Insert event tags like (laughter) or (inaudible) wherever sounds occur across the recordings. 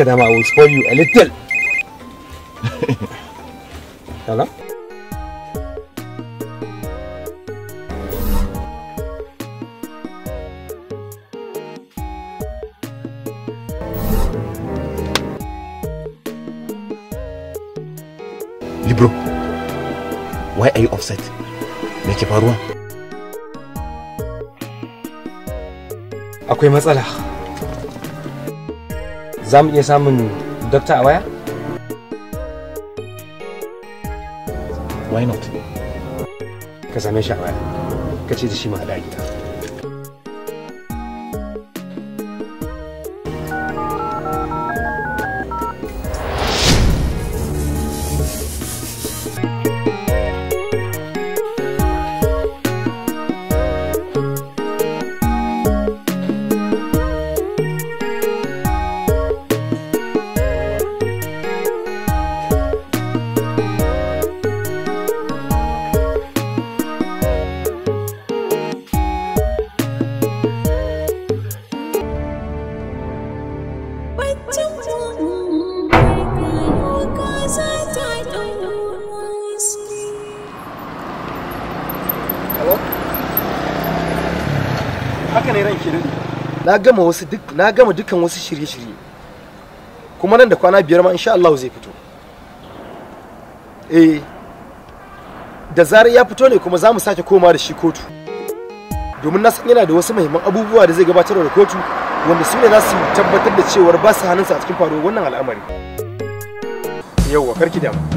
لك انا ما ويل سبويل يو ليتل يلا برو واي اي اوفسيت ميكي باروان اكو مساله za mu iya samun dokta a waya? why not ka same shi a waya ka ce da shi ma haɗa gida na gama wasu duk na gama dukkan wasu shirye-shirye kuma nan da kwana biyar ma insha Allah zai fito eh da zarar ya fito ne kuma za mu sake koma da shi kotu domin na san yana da wasu muhimman abubuwa da zai gabatar da kotu wanda su ne za su tabbatar da cewar ba su hannunsa a cikin faruwar wannan al'amari yauwa karki damu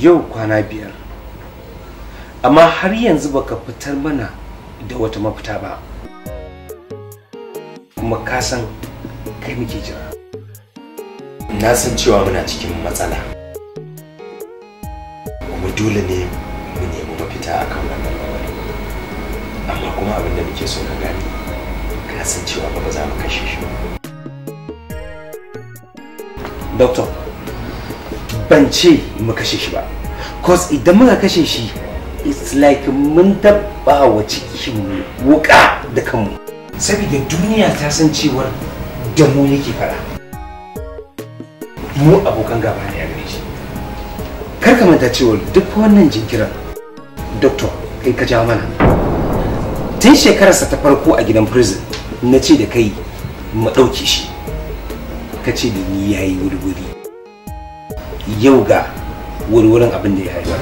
yau kwana biyar amma har yanzu baka fitar mana da wata mafita ba kuma ka san kai muke jira na san cewa muna cikin matsala kuma dole ne mu nemi mafita akan wannan lamarin amma kuma abin da muke so na gani ka san cewa ba za mu kashe shi Doctor, ban ce mu kashe shi ba cause idan muka kashe shi it's like mun dabba wa cikin wuka da kanmu saboda duniya ta san cewar da mu yake fara mu abokan gaba ne a gare shi kar ka manta cewa duk wannan jinkirin doctor kai ka jawo mana tun shekararsa ta farko a gidan prison na ce da kai mu ɗauke shi ka ce da ni yayi wuri-wuri yau ga wurwurin abin da ya haifa.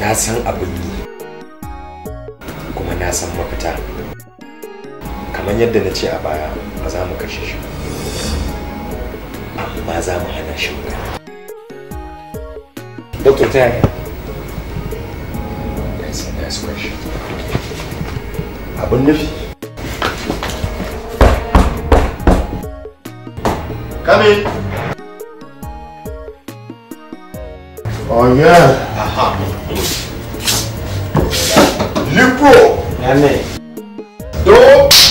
na san abin yi kuma na san mafita kamar yadda na ce a baya ba za mu kashe shi amma za mu hana shi magana Dr. Taya, that's a nice question. Abin nufi. Come in. Oh yeah. Aha. Lipo. Amen. Do.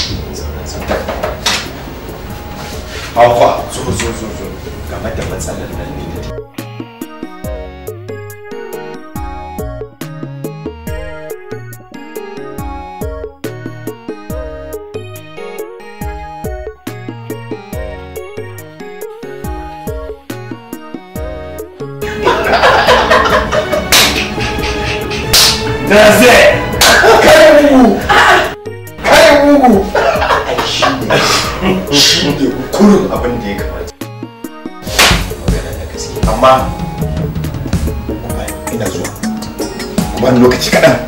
Naze! Kai mugu! Kai mugu! Ai shi ne, shi ne kurin abin da ya kamata. Magana na gaske. Amma, ina zuwa. Kuma lokaci kaɗan.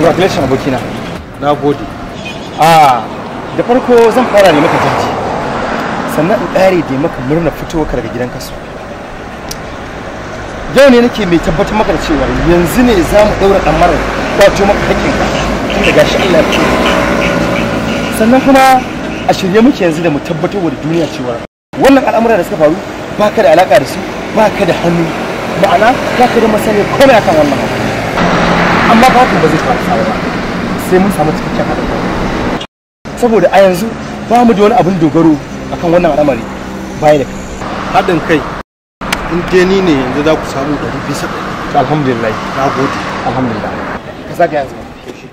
congratulations abokina na gode ah da farko zan fara ne maka jinji sannan in ƙare da maka murna fitowarka daga gidan kasu yau ne nake mai tabbatar maka da cewa yanzu ne za mu ɗaura ɗamarar kwato maka haƙƙinka tun da gashi Allah ya sannan kuma a shirye muke yanzu da mu tabbatar da duniya cewa wannan al'amura da suka faru ba ka da alaƙa da su ba ka da hannu ma'ana ba ka da masaniyar komai akan wannan amma fatan ba zai fara sawa ba sai mun samu cikakken haɗin kai saboda a yanzu ba mu da wani abin dogaro akan wannan al'amari baya da kai haɗin kai in dai ni ne yanzu za ku samu ɗari bisa ɗari alhamdulillah na gode alhamdulillah ka saka yanzu shi.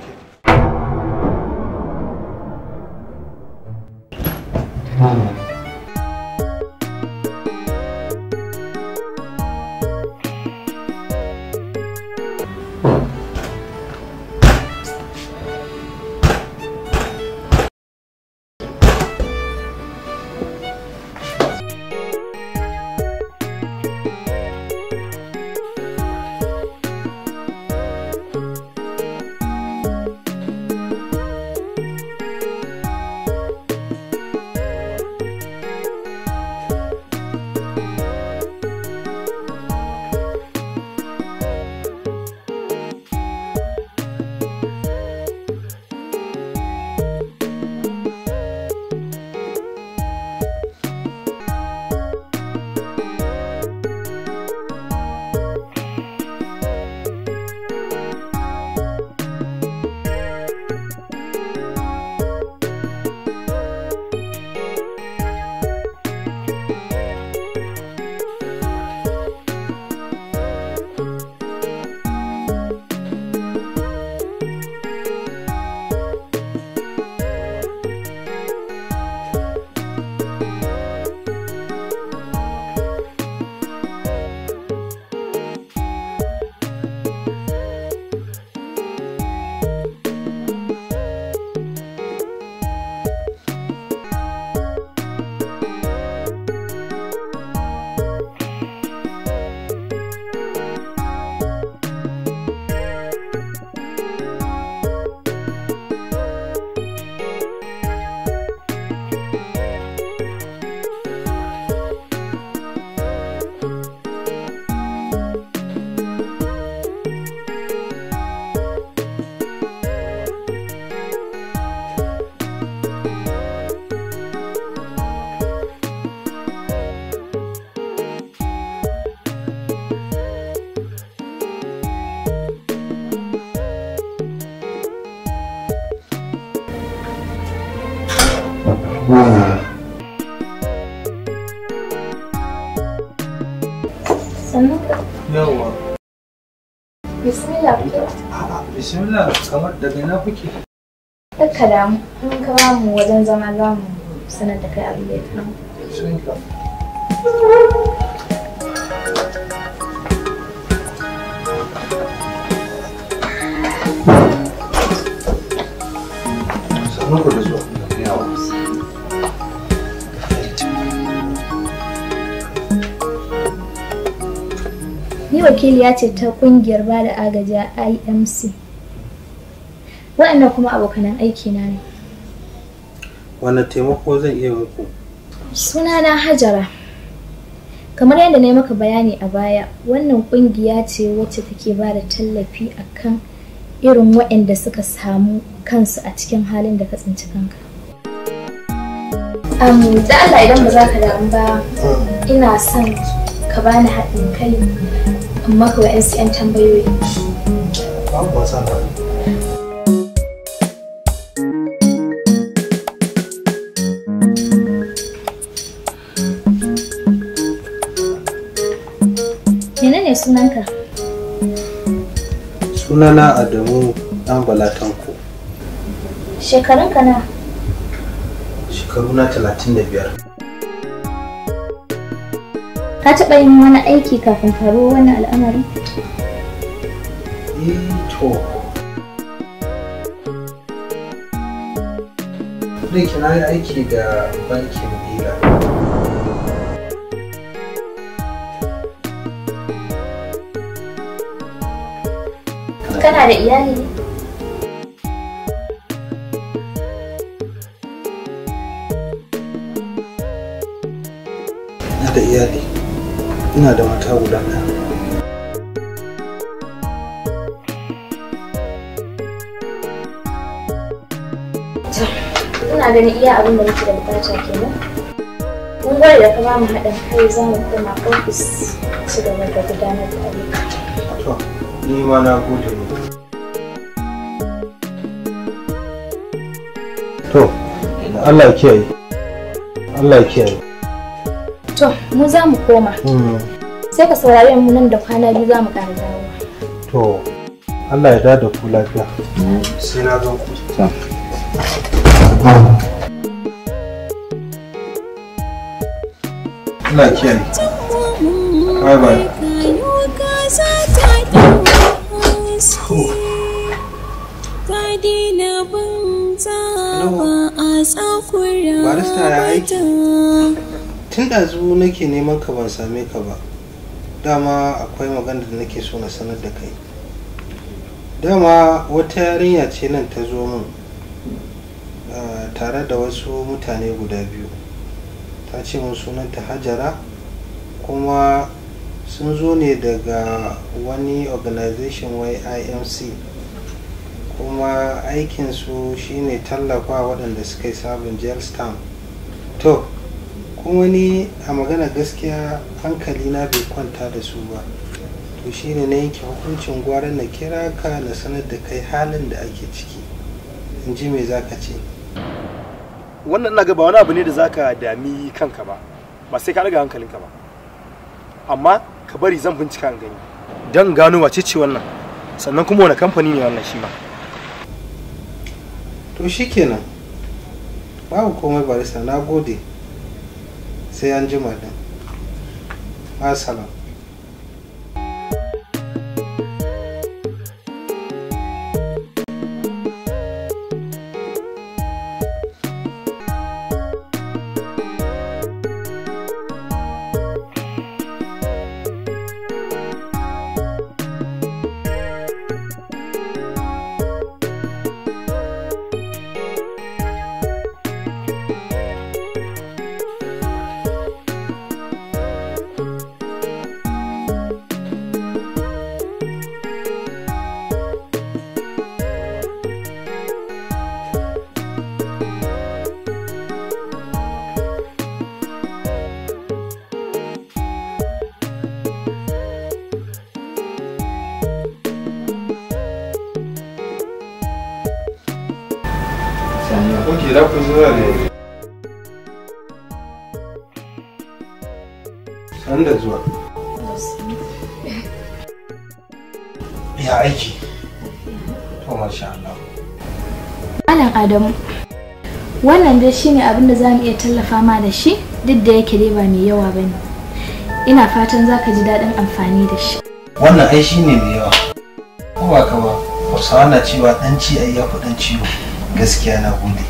Ah, ah, bismillah kamar daga na kuke ka damu in ka ba mu wajen zama za mu sanar da kai abin da ya faru. Sannan ku da zuwa. Ni wakiliya ce ta kungiyar bada agaji a IMC. wa'annan kuma abokanan aiki na ne wanda taimako zan iya muku sunana hajara kamar yadda na yi maka bayani a baya wannan kungiya ce wacce take ba da tallafi akan irin waɗanda suka samu kansu a cikin halin da ka tsinci kanka da Allah idan ba za ka damu ba ina son ka bani haɗin kai amma ka wa'yansu 'yan tambayoyi. sunanka? Sunana Adamu ɗan Balatanko. Shekarunka na? Shekaruna talatin da biyar. Ka taɓa yin wani aiki kafin faruwar wani al'amari? Eh, to. Kudin kina yi aiki da bankin Bira. da iyali ne? Ina da iyali. Ina da mata guda ɗaya. Ina ganin iya abin da muke da bukata kenan. Mun gwada da ka ba mu haɗin kai za mu koma ofis su gaba da gudanar da ayyuka. To, ni ma na gode muku. Allah ya kiyaye Allah ya kiyaye to mu za mu koma hmm. sai ka saurare mu nan da kwana biyu za mu ƙara dawo to Allah ya dada ku lafiya sai na zo ku Allah ya kiyaye bye bye barista ya aiki tun ɗazu nake neman ka ban same ka ba dama akwai magana da nake so na sanar da kai dama wata yarinya ce nan ta zo min tare da wasu mutane guda biyu ta ce mun sunanta hajara kuma sun zo ne daga wani organization wai imc kuma aikinsu shine tallafa waɗanda suka yi sabon jail to kuma ni a magana gaskiya hankali na bai kwanta da su ba to shine na yanke hukuncin gwara na kira ka na sanar da kai halin da ake ciki in ji me za ka ce wannan na gaba wani abu ne da za ka dami kanka ba ba sai ka daga hankalinka ba amma ka bari zan bincika gani don gano wace ce wannan sannan kuma wani kamfani ne wannan shi ma to shi kenan babu komai barista na gode sai an jima din ga shine abin da za mu iya tallafa ma da shi duk da yake dai ba mai yawa ba ne ina fatan za ka ji daɗin amfani da shi wannan ai shine mai yawa ko ba ka ba hausawa na cewa ɗan ci ai ya fi ɗan ciwo gaskiya na gode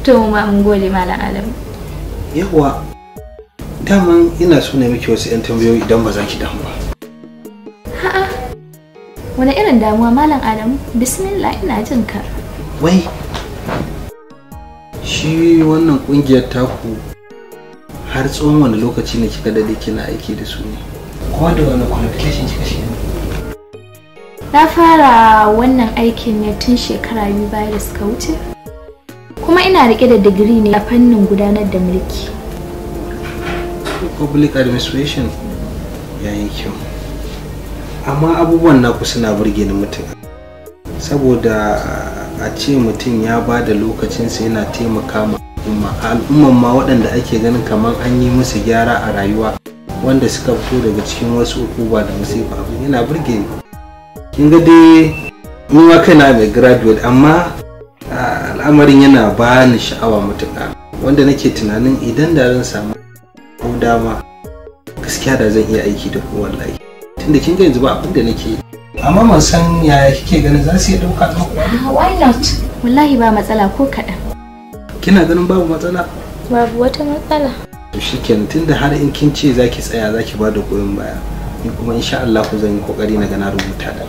to ma mun gode malam alam yawa daman ina so na miki wasu 'yan tambayoyi idan ba za ki damu ba wani irin damuwa malam adam bismillah ina jin ka wai shi wannan kungiyar taku har tsawon wani lokaci ne kika dade kina aiki da su ne kuma da wani qualification kika shi na fara wannan aikin ne tun shekara biyu baya da suka wuce kuma ina rike da digiri ne a fannin gudanar da mulki public administration yayin kyau amma abubuwan naku suna burge ni mutum saboda a ce mutum ya ba da lokacinsa yana taimaka ma al'umma al'umman ma waɗanda ake ganin kamar an yi musu gyara a rayuwa wanda suka fito daga cikin wasu ukuba da musifa abin yana burge ni kin ga dai ni ma kaina mai graduate amma al'amarin yana ba ni sha'awa mutuka wanda nake tunanin idan da zan samu ko dama gaskiya da zan iya aiki da kowa wallahi tunda kin ga yanzu ba abin da nake amma ban san yaya kike ganin za su iya ɗauka ɗan kuɗi ah, why not wallahi ba matsala ko kaɗan kina ganin babu matsala babu wata matsala to shikenan tunda har in kin ce zaki tsaya zaki ba da goyon baya ni kuma insha Allah ku zan yi kokari na gana rubuta da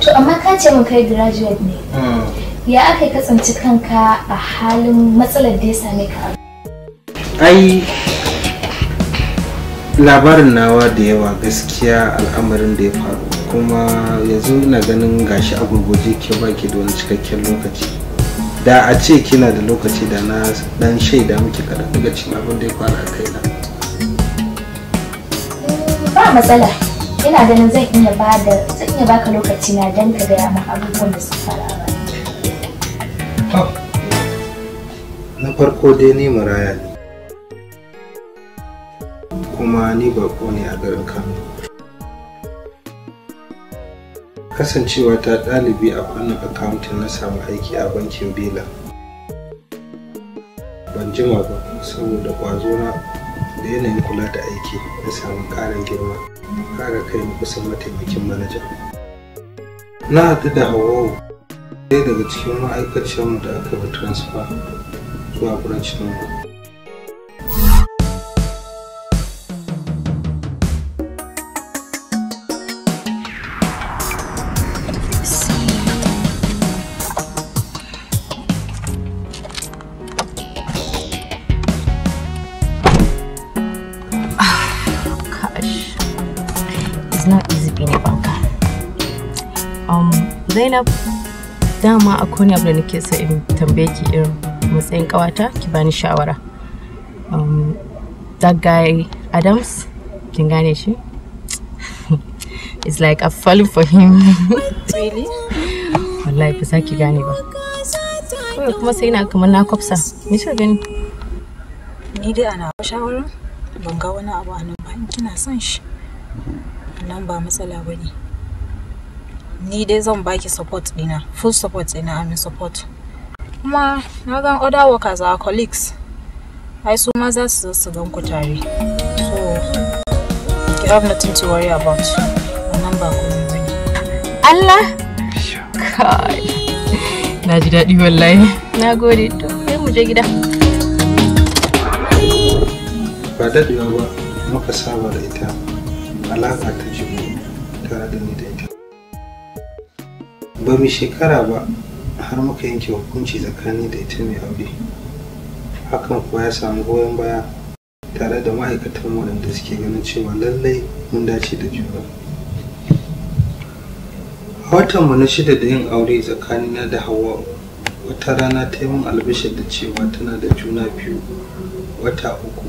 to amma ka ce mun kai graduate ne hmm. ya aka kasance kanka a halin matsalar da ya same ka ai labarin nawa da yawa gaskiya al'amarin da ya faru kuma yanzu ina ganin gashi a gurguje ke baki da wani cikakken lokaci da a ce kina da lokaci da na dan shaida muke kada daga cikin abin da ya fara a kaina ba matsala ina ganin zan iya ba da zan iya baka lokaci na dan ka gaya mu abubuwan da suka fara a na farko dai ni maraya ne kuma ni ko ne a garin kano kasancewa ta ɗalibi a fannin accounting na samu aiki a bankin bela ban jima ba saboda ƙwazona da yanayin kula da aiki na samu ƙarin girma ƙara kai ni kusan mataimakin manaja na haɗu da hawa ɗaya daga cikin ma'aikacinmu da aka bi transfer zuwa branch number dama a kone abu da nake so in tambaye ki irin matsayin kawata ki bani shawara um, that guy adams kin gane shi (laughs) it's like i'm falling for him (laughs) really wallahi ba za ki gane ba kawai kuma sai na kamar na kwafsa ni ce gani ni dai ana shawara ban ga wani abu a nan ba in kina son shi nan ba matsala ba ne ni dai zan baki support dina full support dina amin support kuma na gan other workers our colleagues ai su ma za su su gan ku tare so you have nothing to worry about wannan ba ku Allah kai na ji daɗi wallahi na gode to sai mu je gida ba daɗewa ba muka saba da ita alaƙa ta jibi tare da ni da ita ba mu shekara ba har muka yanke hukunci tsakani da ita mai aure hakan kuwa ya samu goyon baya tare da ma'aikatan waɗanda suke ganin cewa lallai mun dace da juna a mu na shida da yin aure tsakanina da hawa wata rana ta yi min albishir da cewa tana da juna biyu wata uku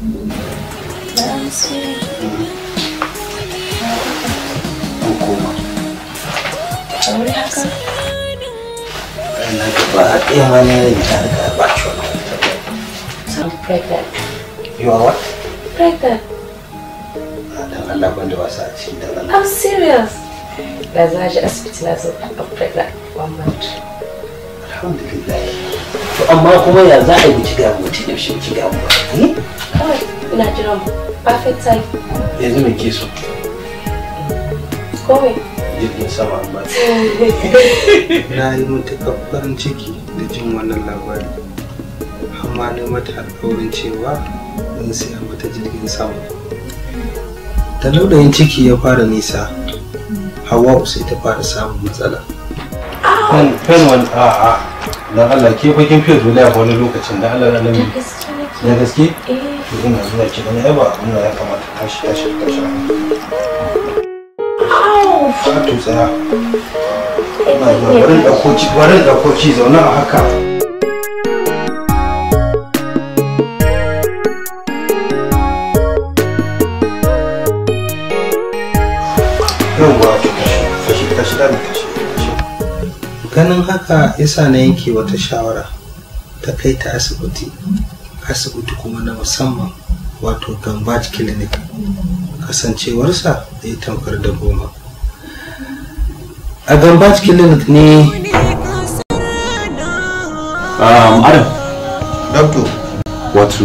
koma. tauri haka? Ranar gaba a ɗaya ma ne zan ta riga ba ci wani I'm pregnant. You are what? Pregnant. Dan Allah ban da wasa a cikin dan Allah. I'm serious. Da za ji asibiti na zo I'm pregnant one month. Alhamdulillah. To amma kuma ya za a yi miki gamu mutum shi ci gamu ba? Kawai ina jiran perfect time. Yanzu me ke so? Kowai. jirgin sama ba (laughs) na yi matuƙar farin ciki da jin wannan labari amma na mata alƙawarin cewa zan siya mata jirgin sama laudayin ciki ya fara nisa hawa sai ta fara samun matsala kan wani a'a don Allah ke fakin fiye dole a wani lokacin da Allah na nemi da gaske eh. to ina zuwa ki dan yaba ba ya kamata tashi tashi tashi zauna a ganin haka yasa na yanke wata shawara ta kai ta asibiti asibiti kuma na musamman wato gambaj clinic kasancewarsa da ya tamkar da goma a gamba cikin clinic ne um, adam doctor wato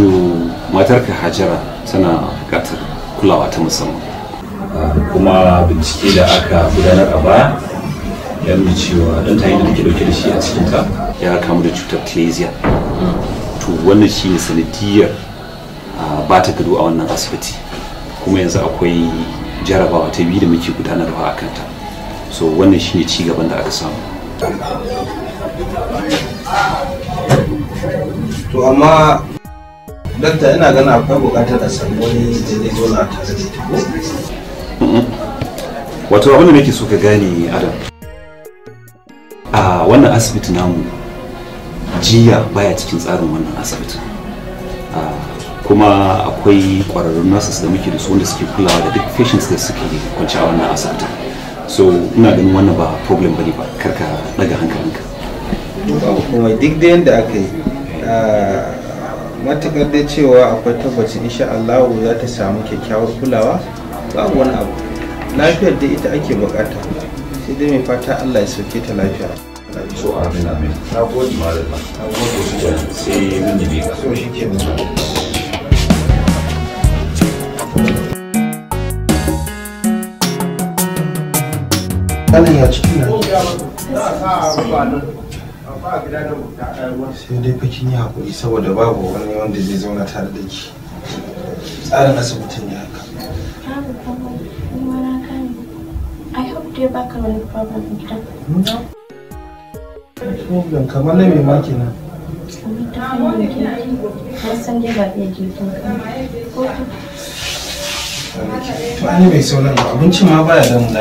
matarka hajara tana bukatar kulawa ta musamman ah, kuma bincike da aka gudanar a baya ya nuna cewa dan yi da take dauke da shi a cikin ta ya kamu da cutar clesia to wannan shi ne sanadiyar ah, ba ta gado a wannan asibiti kuma yanzu akwai jarabawa ta biyu da muke gudanarwa a kanta so wannan shine ci gaban da aka samu to amma dakta ina gana akwai bukatar a samu wani jirgin zo na tare da ita mm-hmm. wato abin da nake so ka gane adam a wannan asibiti namu jiya baya cikin tsarin wannan asibitin kuma akwai kwararrun nurses da muke da su wanda suke kulawa da duk patients da suke kwanci a wannan asibitin so ina ganin wannan ba problem bane ba karka daga hankalinka kuma duk da yadda aka yi ah, matakar da cewa akwai tabbacin insha Allah za ta samu kyakkyawar kulawa babu wani abu lafiyar da ita ake bukata sai dai mai fata Allah ya sauke ta lafiya so amin amin na gode malama na gode sai mun yi ne so shikenan Malam ya ciki na. Sai dai fakin yi haƙuri saboda babu wani wanda zai zauna tare da ki. Tsarin asibitin ya haka. I hope problem gidan. kamar na mai maki na. san ba Ba ni mai sauran abinci ma baya damu na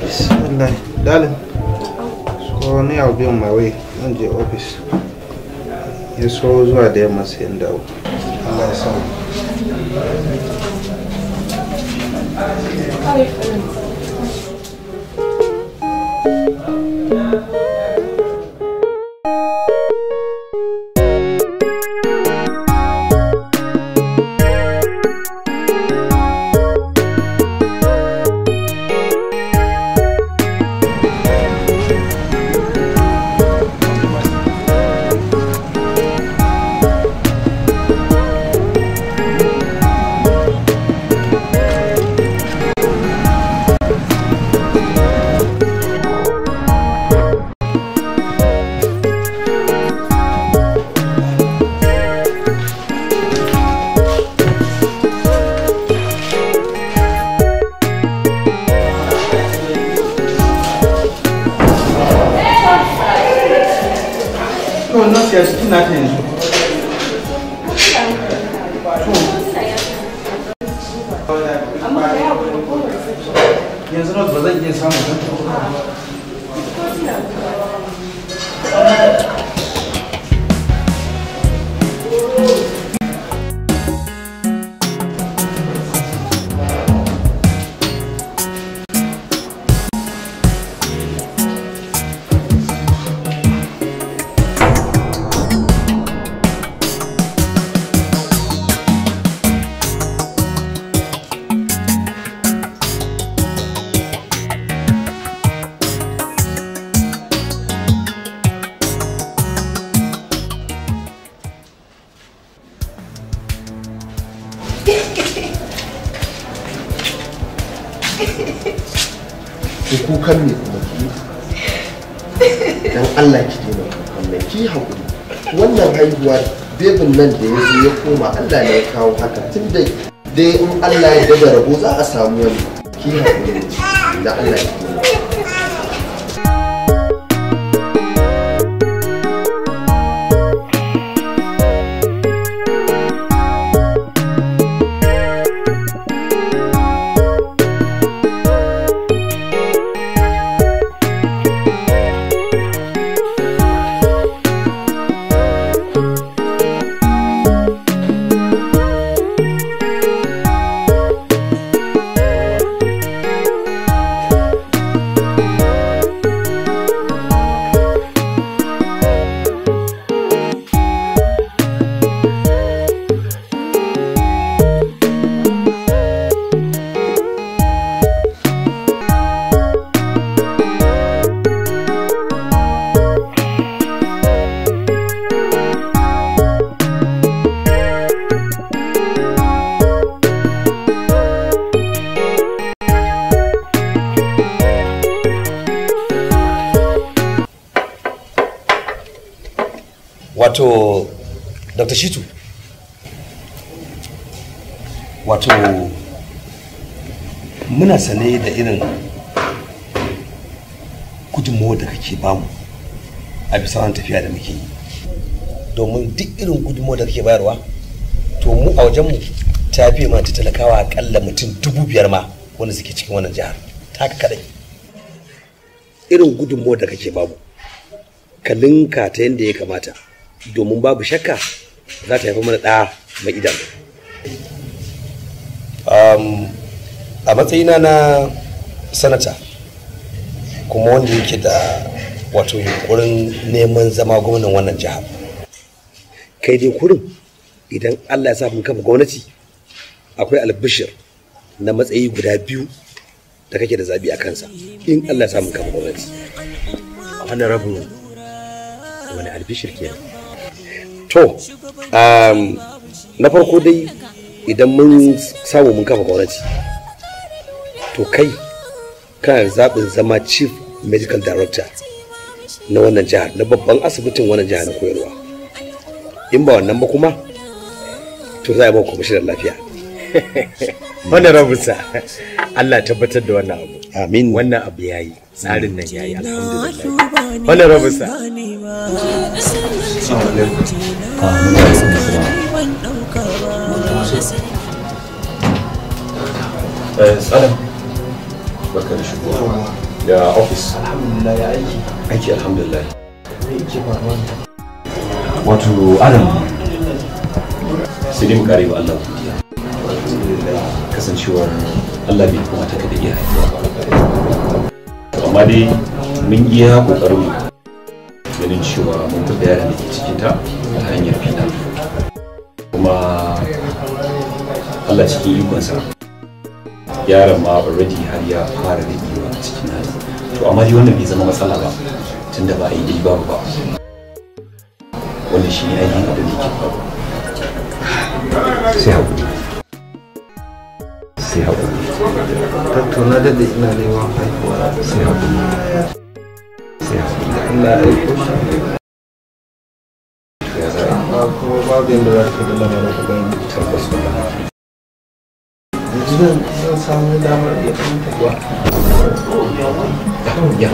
Bismillah. Darling. So ni I'll be on my way. Zan je office. Ya so zuwa da yamma sai in dawo. yarda da rabo za a samu wani ki haƙuri da Allah ya wato dr shitu wato muna sane da irin gudunmawar da kake bamu a bisa wani tafiya da muke yi domin duk irin gudunmawar da kake bayarwa to mu a wajenmu ta fi ma ta talakawa akalla mutum dubu biyar ma wanda suke cikin wannan jihar ta kadai irin gudunmawar da kake bamu kalinka ta yadda ya kamata domin babu shakka za ta haifa mana ɗa mai idan a matsayina na sanata kuma wanda yake da wato yunkurin neman zama gwamnan wannan jihar kai dai kurin idan allah ya sa mun kafa gwamnati akwai albishir na matsayi guda biyu da kake da zabi a kansa in allah ya sa mun kafa gwamnati a wannan rabin wani albishir kenan to um, na farko dai idan mun samu mun kafa gwamnati to kai kan zaɓin zama chief medical director na wannan jihar na babban asibitin wannan jihar na koyarwa in ba wannan ba kuma to za a ba kwamishinan lafiya wannan (laughs) rabusa Allah tabbatar da wannan abu amin wannan abu yayi tsarin nan yayi alhamdulillah wannan rabusa Assalamu alaikum. Salam. Barka da shigowa. Ya ofis. Alhamdulillah ya aiki. Aiki alhamdulillah. Wato Adam. Sai kare wa Allah godiya. Kasancewar Allah bai kamata ka da iya haihuwa Amma dai mun iya kokarin ganin cewa mun buɗe yaran da ke cikinta ta hanyar fiɗa kuma allah cikin ikonsa yaron ma already har ya fara rigewa a cikin hali to amma dai wannan bai zama matsala ba da ba a yi dai babu ba wannan shi ne ainihin abin da ke faru sai haƙuri sai haƙuri tattauna da ina neman haihuwa sai haƙuri Allah ya kuma babu yadda za ka da lamarin damar iya fahimta kuwa ya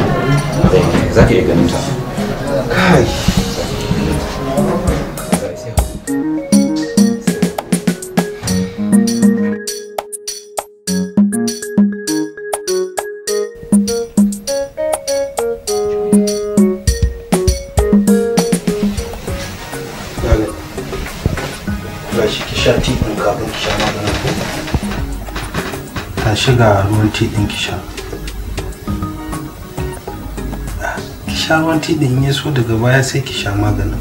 za ka iya ganin shiga ruwan ti ɗin ki sha ruwan ti ɗin ya so daga baya sai kisha sha maganin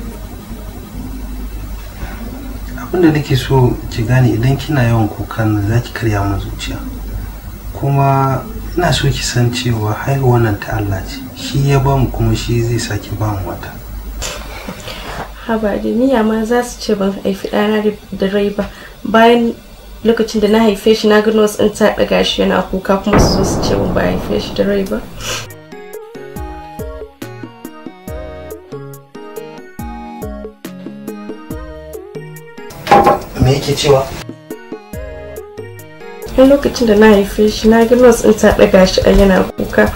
abinda nake so ki gane idan kina yawan kukan za ki karya min zuciya kuma ina so ki san cewa haihuwar nan ta Allah ce shi ya ba mu kuma shi zai sake ba mu wata haba da ma za su ce ban haifi ɗana da rai ba bayan lokacin da na haife shi na ga wasu ɗin ta gashi shi yana kuka kuma su zo su ce ba haife shi da rai ba me yake cewa har lokacin da na haife shi na ga wasu ɗin ta gashi shi yana kuka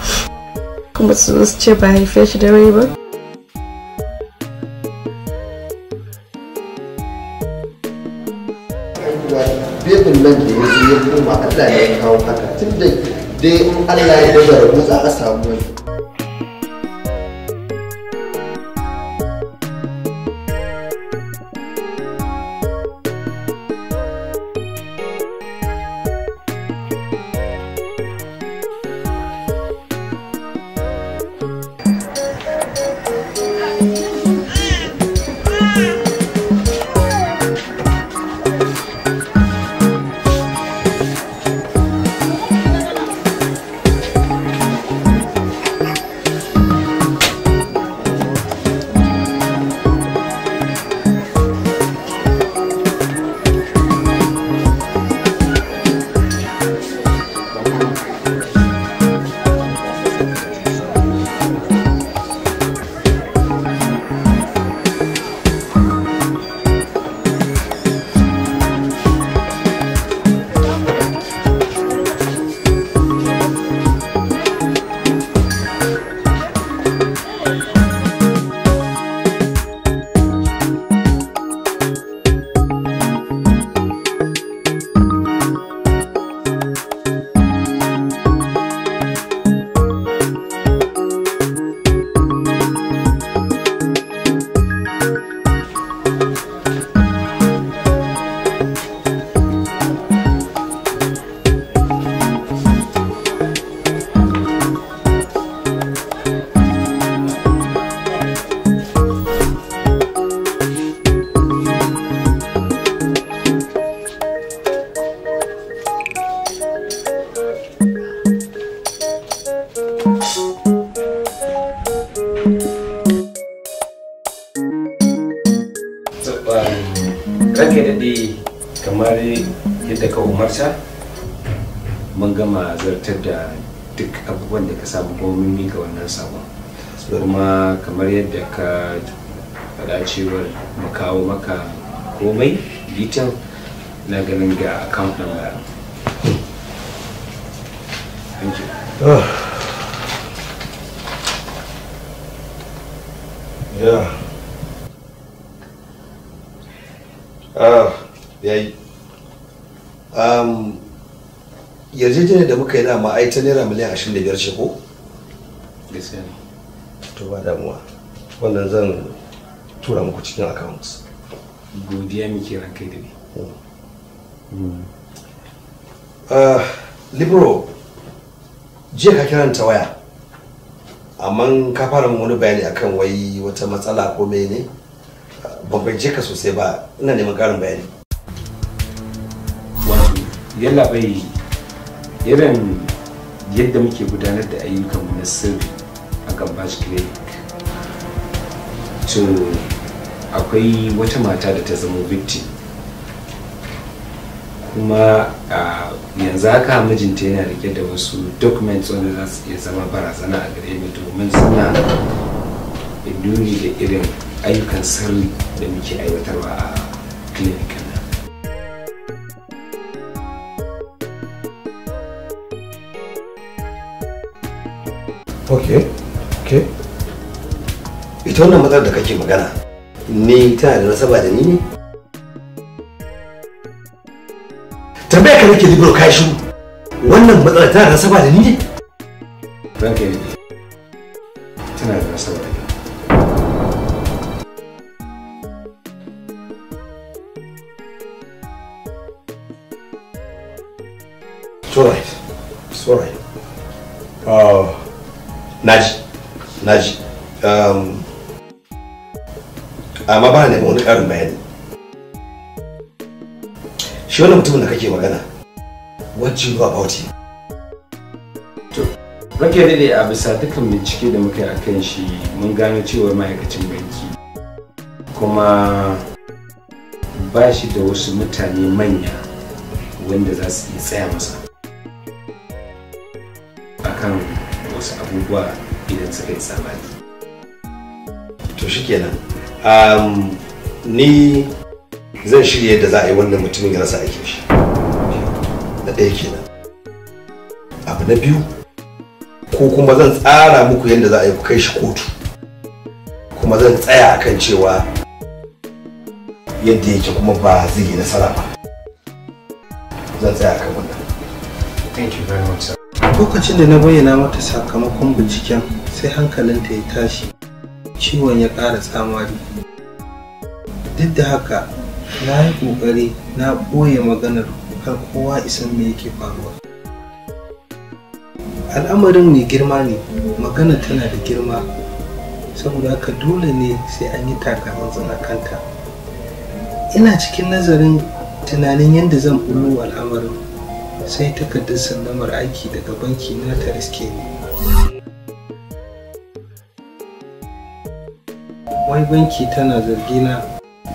kuma su zo su ce ba haife shi da rai ba kawo haka tun da dai in Allah ya dabara rabu za a samu wani umarta mun gama zartar da duk abubuwan da ka samu kuma mun mika wannan sabon kuma kamar yadda ka faɗa cewar mu kawo maka komai bitan na ganin ga account number thank you ah. yeah kai dama ai ta naira miliyan ashirin da biyar ce ko? gaskiya to ba damuwa wannan zan tura muku cikin account godiya muke ran kai da ne hmm. ah, libro jiya ka ta waya amma ka fara wani bayani akan wai wata matsala ko mai ne babban jeka sosai ba ina neman karin bayani yalla bai irin yadda muke gudanar da mu na sirri a gambaj clinic to akwai wata mata da ta zama victim kuma yanzu haka mijinta yana rike da wasu documents wanda za su iya zama barazana a gare mu domin suna induni da irin ayyukan sirri da muke aiwatarwa a clinic ok ok ita wannan matsalar da kake magana ni tana da nasaba da ni ne tambaya ka nake libro kashi shiru wannan matsalar tana da nasaba da ni ne ranka ne naji naji um, amma ba na neman wani ƙarin bayani shi wani mutumin da kake magana what you know about him to rake dade a bisa dukkan bincike da muka yi a kan shi mun gano cewa ma'aikacin banki kuma ba shi da wasu mutane manya wanda za su iya tsaya masa kuwa idan suka yi tsammani. to shikenan um, ni zan shirya yadda za a yi wannan mutumin ya rasa aikin shi na ɗaya kenan abu na biyu ko kuma zan tsara muku yadda za a yi kai shi kotu kuma zan tsaya akan cewa yadda yake kuma ba zai yi nasara ba zan tsaya akan wannan thank you very much sir lokacin da na bayyana mata sakamakon binciken sai hankalinta ya tashi ciwon ya ƙara tsamari duk da haka na yi ƙoƙari na ɓoye maganar har kowa isan me yake faruwa al'amarin mai girma ne magana tana da girma saboda haka dole ne sai an yi takatsantsan kanta ina cikin nazarin tunanin yadda zan bullo al'amarin sai takardar sallamar aiki daga banki na ta riske ni wai banki tana zargina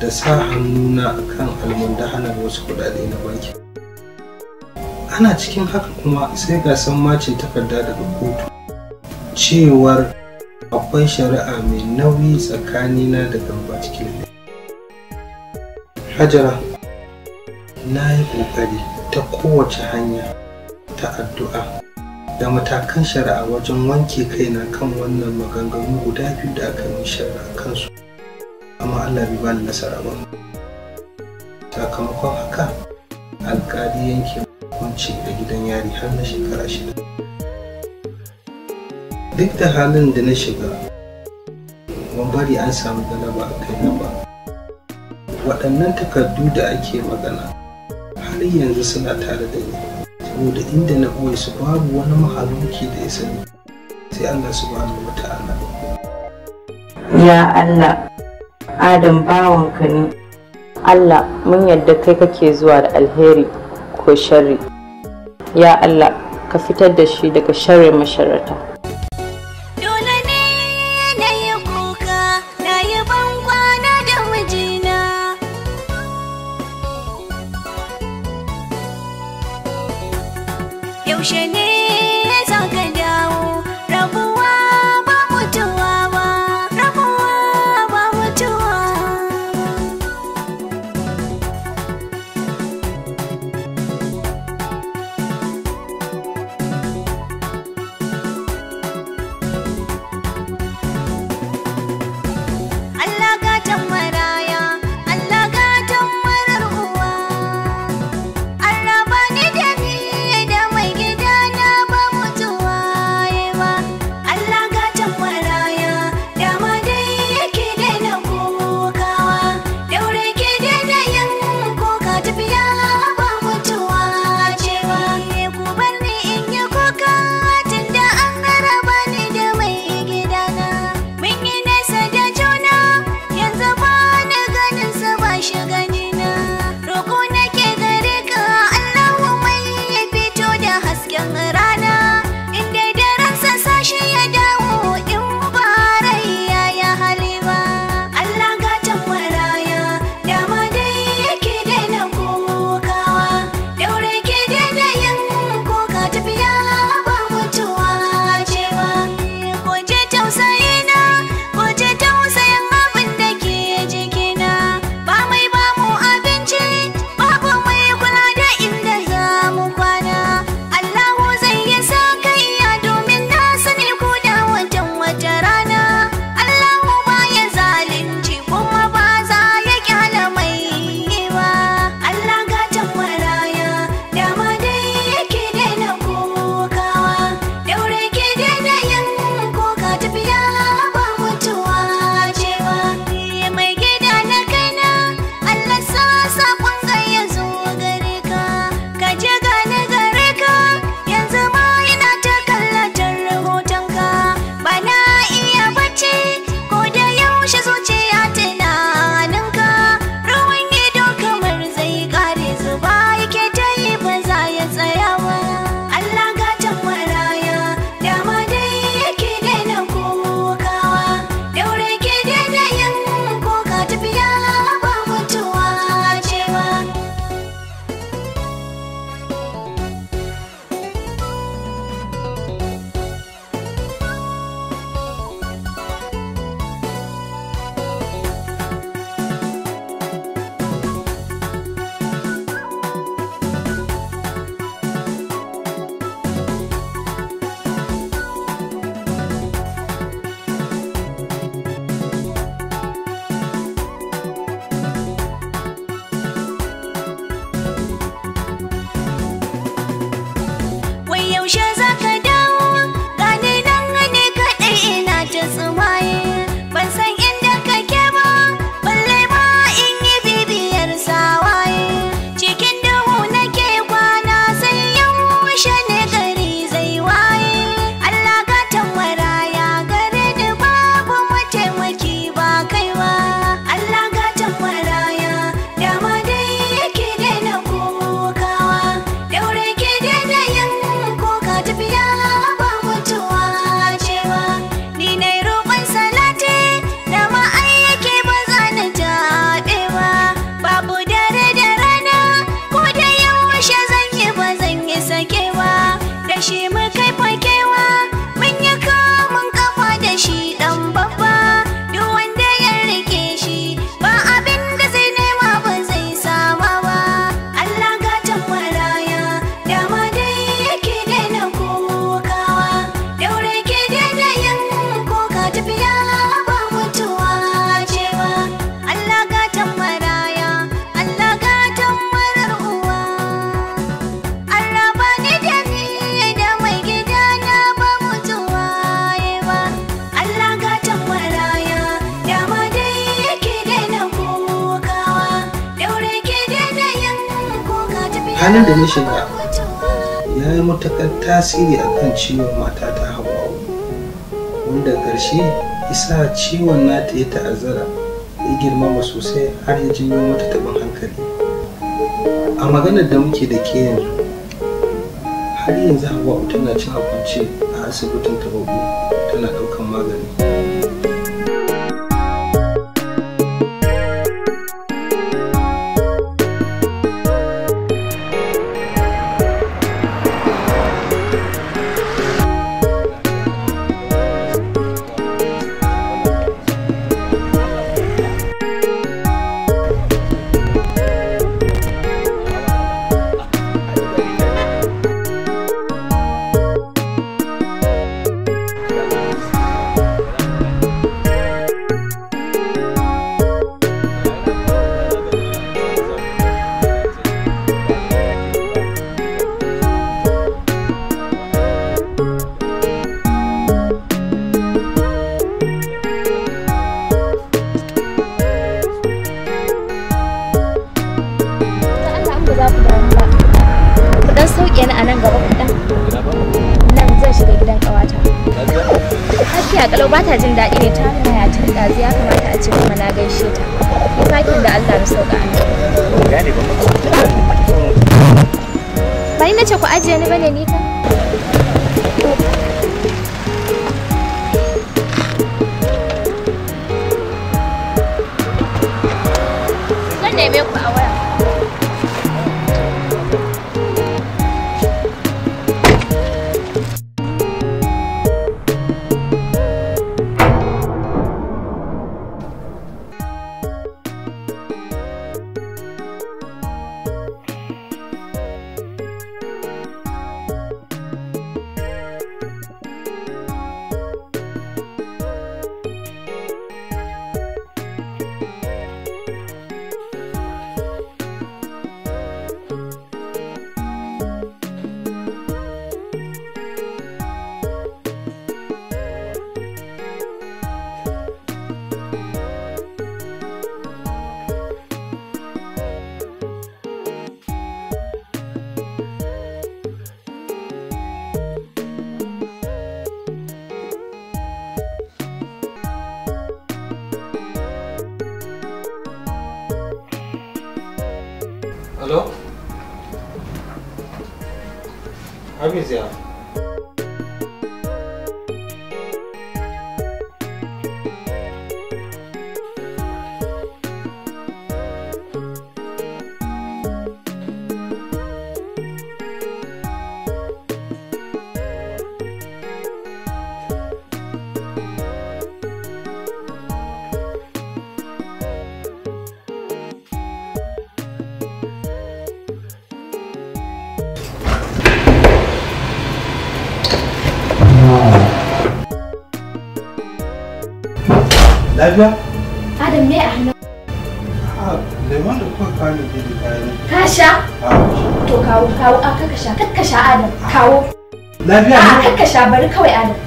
da sa hannuna akan almundahanar wasu kudade na banki ana cikin haka kuma sai ga macin takarda daga kotu cewar akwai shari'a mai nauyi tsakanina da gamba cikin hajara na yi ƙoƙari ta kowace hanya ta addu'a da matakan shari'a wajen wanke kaina kan wannan maganganu guda biyu da aka yi shari'a kansu amma Allah bai bani nasara ba sakamakon haka alkali yanke hukunci a gidan yari har na shekara shida duk da halin da na shiga ban bari an samu galaba a na ba waɗannan takardu da ake magana har yanzu suna tare da ni saboda inda na ɓoye su babu wani mahaluki da ya sani sai Allah su subhanahu wa ta'ala ya Allah Adam ka ne Allah mun yadda kai kake zuwa da alheri ko sharri ya Allah ka fitar da shi daga sharri masharata halin da na shiga ya yi matuƙar tasiri a kan ciwon mata ta hawa wanda ƙarshe isa ciwon nata ya ta'azzara ya girmama sosai har ya janyo mata taɓin hankali a maganar da muke da ke yanzu har yanzu hawa tana cin abinci a asibitin tababu tana ɗaukan magani Yeah. Lafiya? Adam ne a hannun. Ha, ah, lemon da kuka kawo ne da kayan. Ah, ka sha? To kawo kawo a kaka sha kaka sha Adam ah. kawo. Lafiya ne? A kaka sha bari kawai Adam.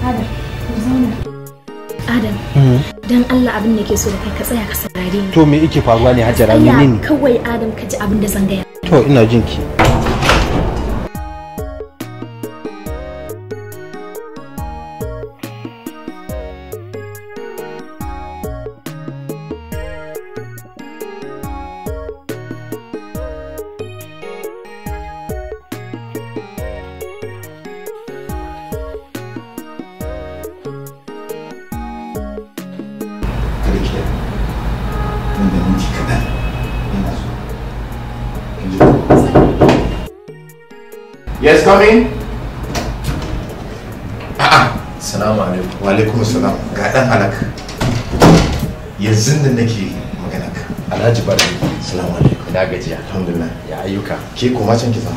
Adam, ku zauna. Adam, hmm. don Allah abin da ke so da kai ka tsaya ka saurare ni. To me yake faruwa ne Hajjara menene? Kawai Adam ka ji abin da zan gaya. To ina jin ki. 제 고마천 기사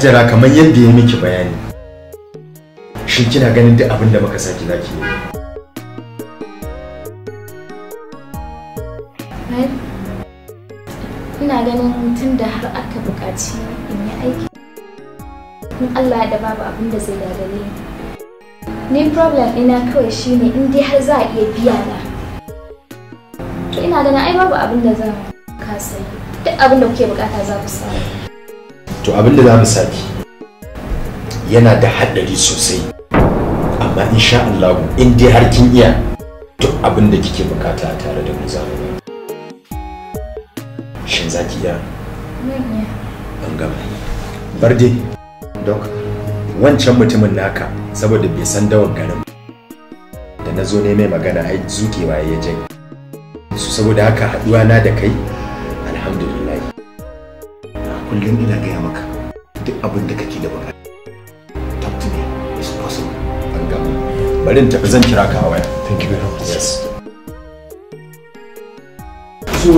hajjara kamar yadda ya miki bayani shin kina ganin duk abin da muka saki zaki yi ina ganin mutum da har aka buƙaci in yi aiki in Allah da babu abin da zai dagare ni ni problem ina kawai ne in dai har za a iya biya na ina ganin ai babu abin da zan kasa duk abin da kuke bukata za ku samu to abinda za mu saki yana da haɗari sosai amma insha Allah in dai har kin iya to abin da kike bukata tare da mu za mu shin za ki iya an gama dai dok wancan mutumin naka saboda bai san dawar garin da na zo ne mai magana ai zukewa ya je su saboda haka haɗuwa na da kai kullum ina gaya maka duk abin da kake da bukata talk to me is possible an ga bari in tafi zan kira ka waya thank you very much yes so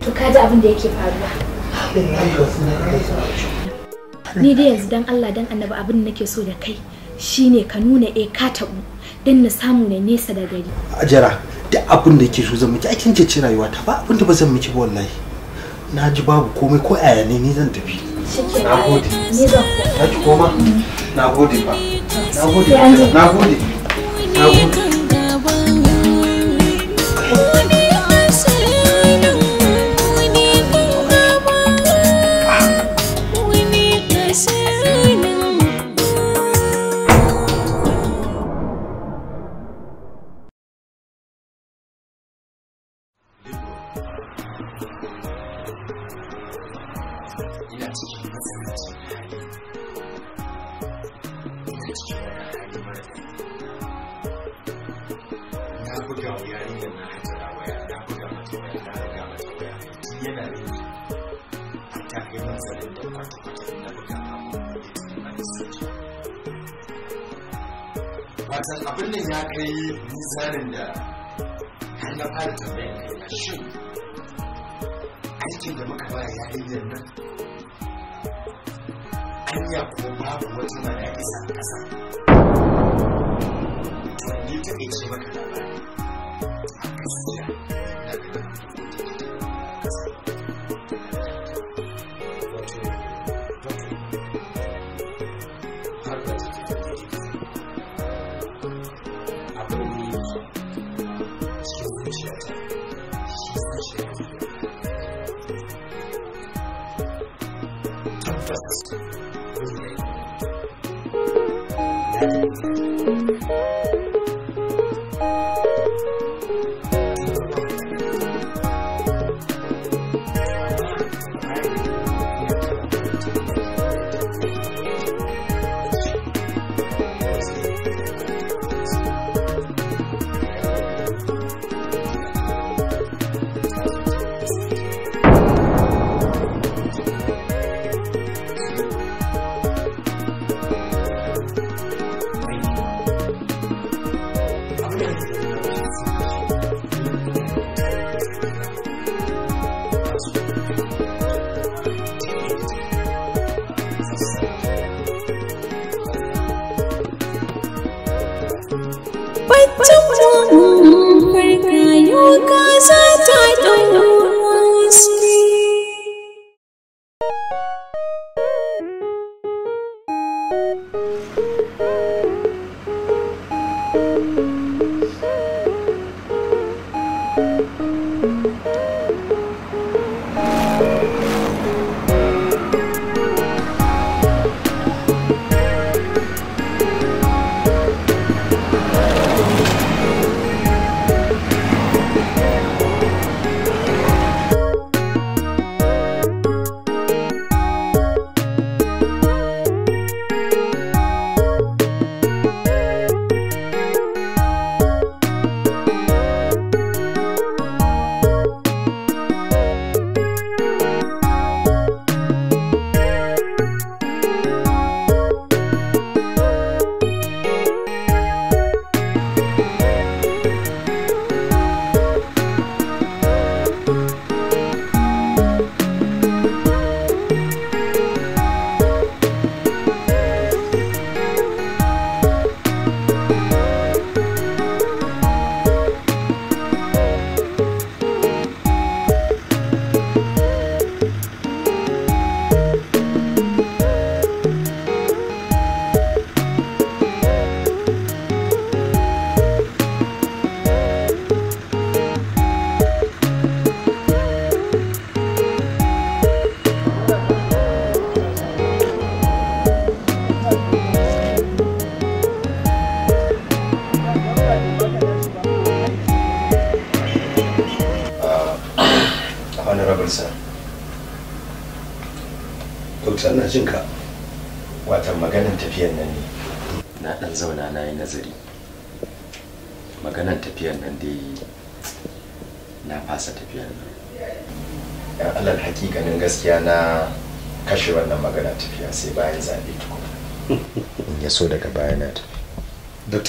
to ka ji abin da yake faruwa ni dai yanzu dan Allah dan annabi abin da nake so da kai shine ka nuna e ka tabu dan na samu ne nesa da gari ajara duk abin da yake so zan miki kince ce rayuwa ta ba abin da ba zan miki ba wallahi na ji babu komai ko a yane ni zan tafi na gode na ji koma mm. na gode ba na gode na gode na gode watan abin nan ya kai mizanin da har na fara tambayar kai na shi aikin da muka ba ya yi nan anya ko babu wata ma ya isa kasa ni ta ce maka labari a gaskiya da ka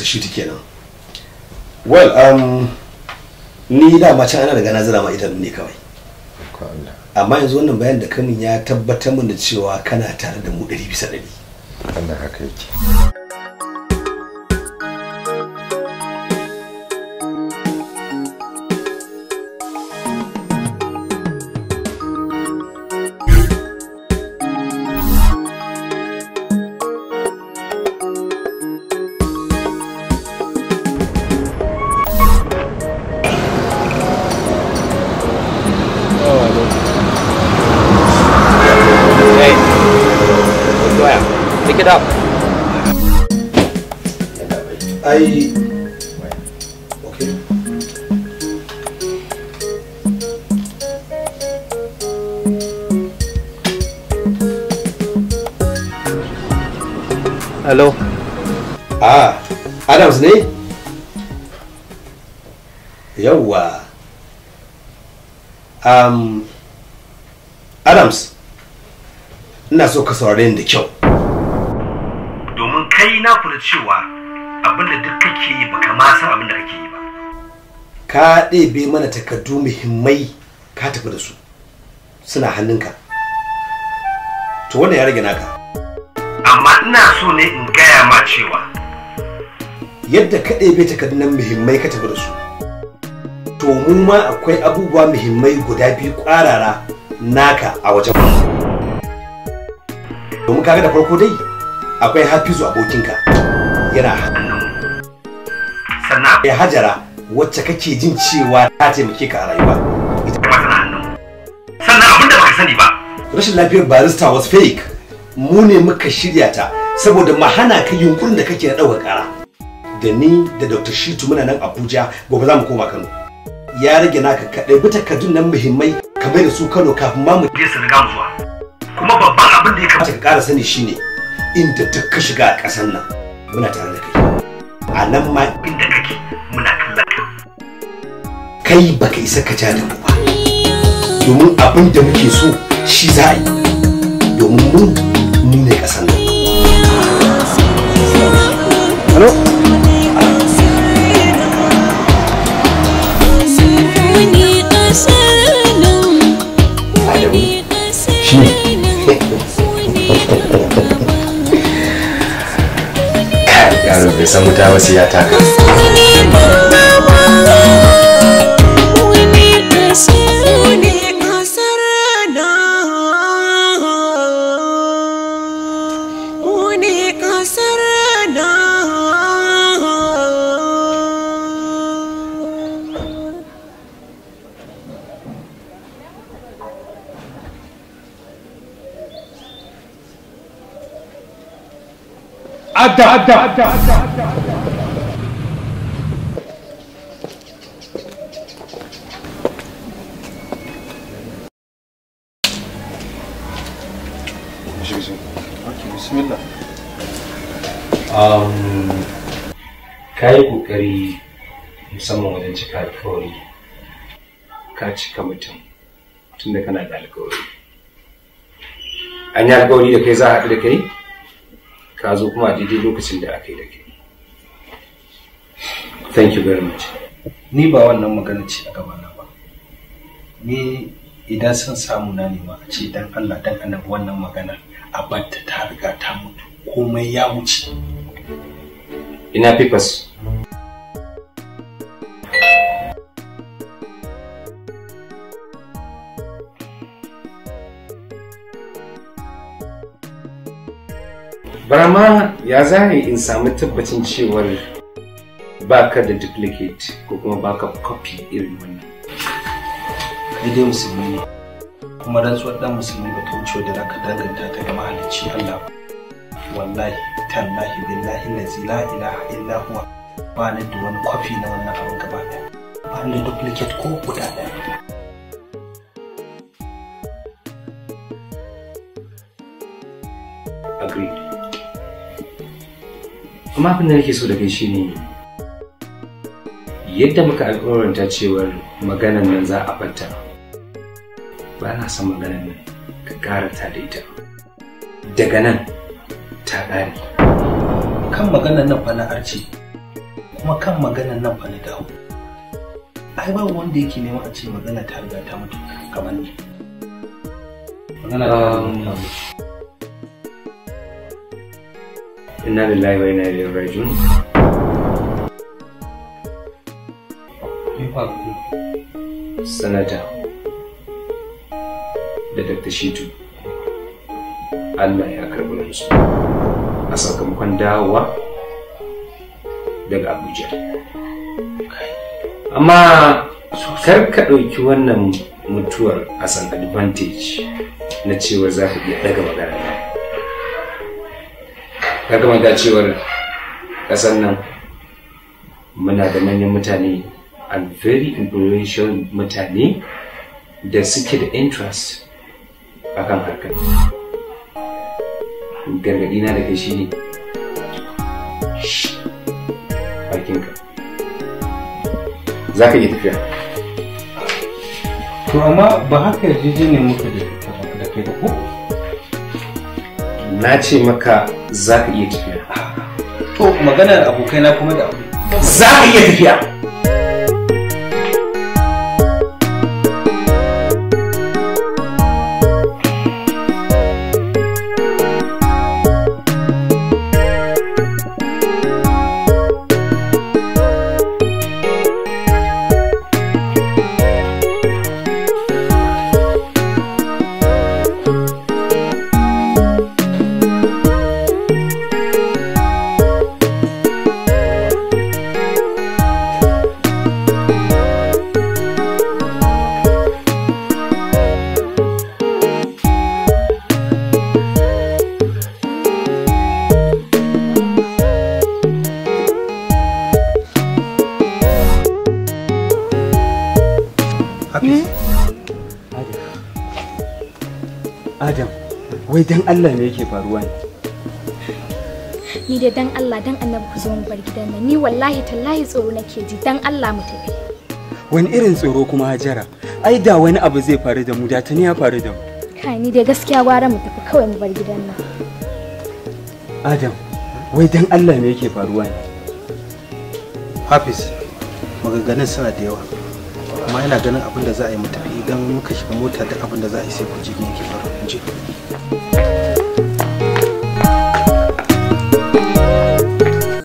shi kenan well um, ni dama can ana daga nazira ma ita ne kawai amma yanzu wannan bayan da kamun ya tabbatar da cewa kana tare da mu 100 bisa haka yake ai okay hello ah adams ne yawwa ah. um, adams ina so ka saurare ni da kyau domin kai na kula cewa abin da duk kake yi baka ma san abin kake yi ba ka ɗebe mana takardu muhimmai ka tafi da su suna hannunka to wanda ya rage naka amma ina so ne in gaya ma cewa yadda ka ɗebe takardun muhimmai ka tafi da su to mu ma akwai abubuwa muhimmai guda biyu kwarara naka a wajen domin kaga da farko dai akwai hafizu abokinka yana ya hajara wacce kake jin cewa ta taimake ka a rayuwa ita ba ta hannu sannan abin da baka sani ba rashin lafiyar barista was fake mu ne muka shirya ta saboda mu hana ka yunkurin da kake na dauka kara da ni da dr shitu muna nan abuja gobe za mu koma kano ya rage naka ka ɗabi takardun nan muhimmai ka bai da su kano kafin ma mu je su riga mu zuwa kuma babban abin da ya kamata ka kara sani shine inda duk ka shiga a ƙasar nan muna tare da kai a nan ma inda kai baka isa ka ja da mu ba domin abin da muke so shi za yi domin mu mu ne kasan nan Hello? Shi ne. Yaro (laughs) bai san wuta wasu ya ta'adda um, ka yi kokari musamman wajen cika alkawari ka cika mutum tun da kana da alkawari an yi alkawari da kai za a haɗu da kai ka zo kuma daidai lokacin da aka yi da ke thank you very much ni ba wannan magana ce a gabana ba ni idan sun samu na nema a ce dan Allah dan annabi wannan magana a batta ta riga ta mutu komai ya wuce ina papers barama ya zare in samu tabbacin cewar baka da duplicate ko kuma baka copy irin wannan kai dai musulmi ne kuma rantsuwar dan musulmi ba ta wuce da zaka danganta ta ga mahalicci Allah wallahi tallahi billahi la ilaha illa huwa ba ni da wani copy na wannan abin gaba ba ni da duplicate ko guda ɗaya. Amma abin da nake so da kai shine yadda muka alƙawaranta cewar maganan nan za a batta. Ba na son maganan nan ka ƙara ta da ita. Daga nan ta ƙare. Kan maganan nan fa na arce kuma kan maganan nan fa na dawo. Ai ba wanda yake neman a ce magana ta riga ta mutu kamar ni. Magana ta mutu. Um, inna lillahi wa inna ilaihi sanata da dr shitu allah ya karɓi musu a sakamakon dawowa daga abuja amma kar ka ɗauki wannan mutuwar as an advantage na cewa za ka iya daga magana kar ka cewar ƙasar nan muna da manyan mutane and very influential mutane da suke da interest a kan harkar gargaɗi na daga shi ne bakinka za ka yi tafiya to amma ba haka yarjejeniyar muka da kai da ku? na ce maka za ka iya tafiya to maganar abokaina kuma da za ka iya tafiya Allah me yake faruwa ne ni da dan Allah dan annabi ku zo mu bar gidan nan ni wallahi tallahi tsoro nake ji dan Allah mu tafi wani irin tsoro kuma Hajara ai da wani abu zai faru da mu da tuni ya faru da mu kai ni da gaskiya gwara mu tafi kawai mu bar gidan nan Adam wai dan Allah me yake faruwa ne Hafiz maganganun suna da yawa amma yana ganin abin da za a yi mu tafi idan muka shiga mota da abin da za a yi sai ku ji ne yake faru in